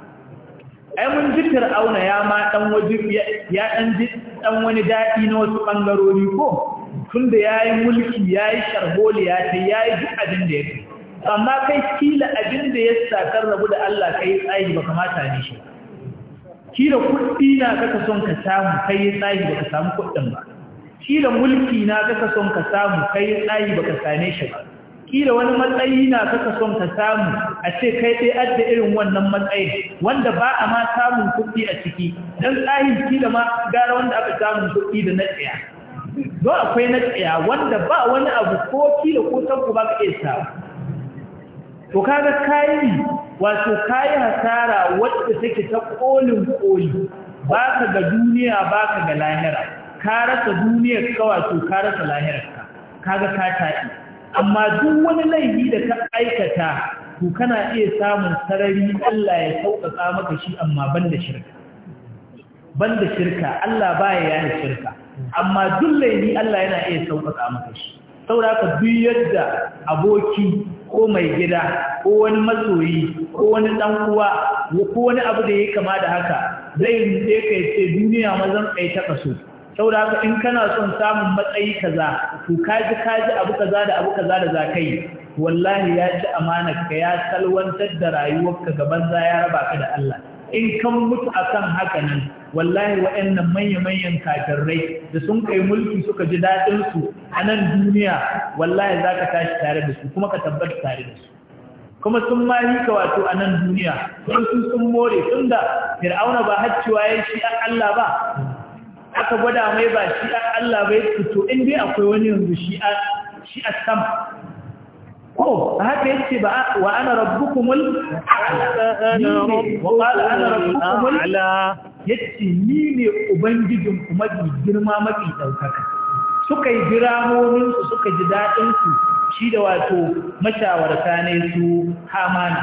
ai mun jikir auna ya ma dan waje ya dan ji dan wani dadi na wasu bangarori ko tunda yayi mulki yayi sharholi ya ta yayi duk abin da yake amma kai kila abin da ya sakar rabu da Allah kai tsayi ba kamata ne shi kila kuɗi na kaka son ka samu kai tsayi ba ka samu kuɗin ba kila mulki na kaka son ka samu kai tsayi ba ka same shi ba kila wani matsayi na kaka son ka samu a ce kai dai adda irin wannan matsayi wanda ba a ma samun kuɗi a ciki don tsahin kila ma gara wanda aka samun kuɗi da na tsaya don akwai na tsaya wanda ba wani abu ko kila ko tanku ba ka iya samu to kaga kayi wato kayi hasara wadda take ta kolin koli ba ka ga duniya ba ka ga lahira ka rasa duniyar ka wato ka rasa lahirar ka kaga ka tafi amma duk wani laifi da ka aikata to kana iya samun sarari Allah ya sauƙaƙa maka shi amma banda shirka banda shirka Allah baya yana shirka amma duk laifi Allah yana iya sauƙaƙa maka shi sauraka duk yadda aboki ko mai gida ko wani masoyi ko wani dan uwa ko wani abu da yake kama da haka zai yi kai ce duniya mazan kai ta kaso saboda haka in kana son samun matsayi kaza to kaji kaji abu kaza da abu kaza da zakai. wallahi ya ci amanar ka ya salwantar da rayuwarka gaban za ya raba ka da Allah in kan mutu akan haka nan wallahi waɗannan manya-manyan kafirai da sun kai mulki suka ji daɗin su a nan duniya wallahi za ka tashi tare da su kuma ka tabbata tare da su kuma sun ma yi ka wato a nan duniya sun sun more tunda fir'auna ba hacciwa ya shi Allah ba aka gwada mai ba shi a Allah bai fito in dai akwai wani yanzu shi a shi a sam ko haka yace ba wa ana rabbukumul a'la ana yace ni ne ubangijin ku mafi girma mafi daukaka suka yi diramomin su suka ji dadin su shi da wato mashawarta ne su hamana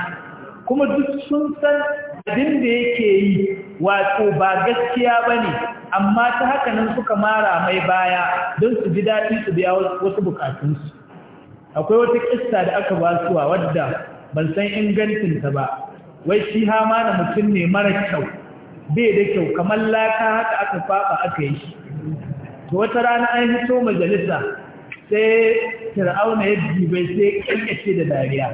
kuma duk sun san abin da yake yi wato ba gaskiya ba ne amma ta haka nan suka mara mai baya don su ji daɗi su biya wasu bukatunsu akwai wata ƙista da aka ba wadda ban san ta ba wai shi hama da mutum ne mara kyau bai da kyau kamar laka haka aka faɓa aka yi shi to wata rana an hito majalisa sai fir'auna ya jibe sai kalkace da dariya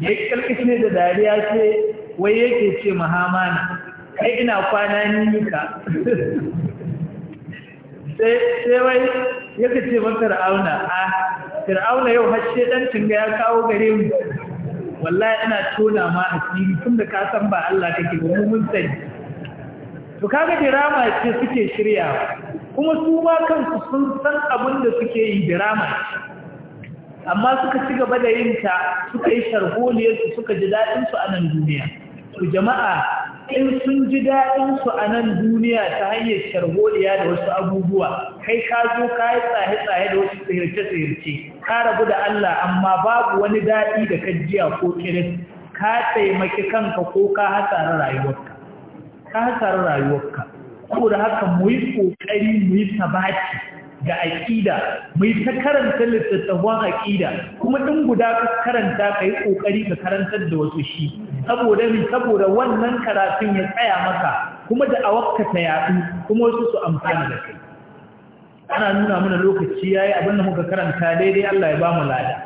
ya kalkace da dariya sai wai yake ce mahamana kai ina kwana ni ka sai wai yake ce ma fir'auna a fir'auna yau har sai dan ga ya kawo gare mu wallahi ina tona ma asiri tun da ka san ba Allah kake ba mu mun sani to kaga drama ce suke shirya. kuma su ma kansu sun san abin da suke yi girama. amma suka ci gaba da yin ta suka yi sharholiyarsu suka ji daɗinsu a nan duniya to jama'a in sun ji daɗinsu a nan duniya ta hanyar sharholiya da wasu abubuwa kai ka zo ka yi tsaye-tsaye da wasu tsirce-tsirce ka rabu da Allah amma babu wani daɗi da kajiya ko kirin ka taimaki kanka ko ka hasara rayuwarka ka hasara rayuwarka saboda haka mu yi ƙoƙari mu yi sabaci ga aƙida mu yi ta karanta littattafan aƙida kuma ɗin guda ka karanta ka yi ƙoƙari ka karantar da wasu shi saboda ni saboda wannan karatun ya tsaya maka kuma da a ta yaɗu kuma wasu su amfana da kai ana nuna mana lokaci yayi abin da muka karanta daidai Allah ya ba mu lada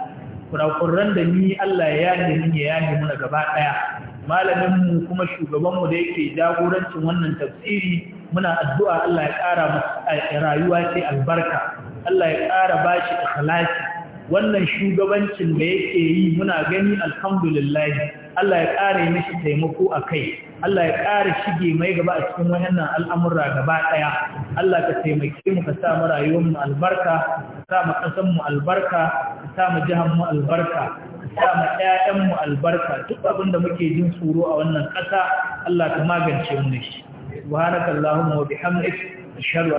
kurakuran da ni Allah ya yaje ni ya yaje mu gaba ɗaya. Malaminmu kuma shugaban mu da yake jagorancin wannan tafsiri muna addu'a Allah ya ƙara rayuwa ce albarka Allah ya ƙara bashi ikhlasi wannan shugabancin da yake yi muna gani alhamdulillah Allah ya ƙare mishi taimako a kai Allah ya ƙara shige mai gaba a cikin wannan al'amura gaba ɗaya Allah ka taimake mu ka sa mu rayuwar mu albarka ka sa mu ƙasar mu albarka ka sa mu jihar mu albarka ka sa mu ƴaƴan mu albarka duk abin da muke jin tsoro a wannan ƙasa Allah ka magance mu da shi subhanakallahumma wa bihamdik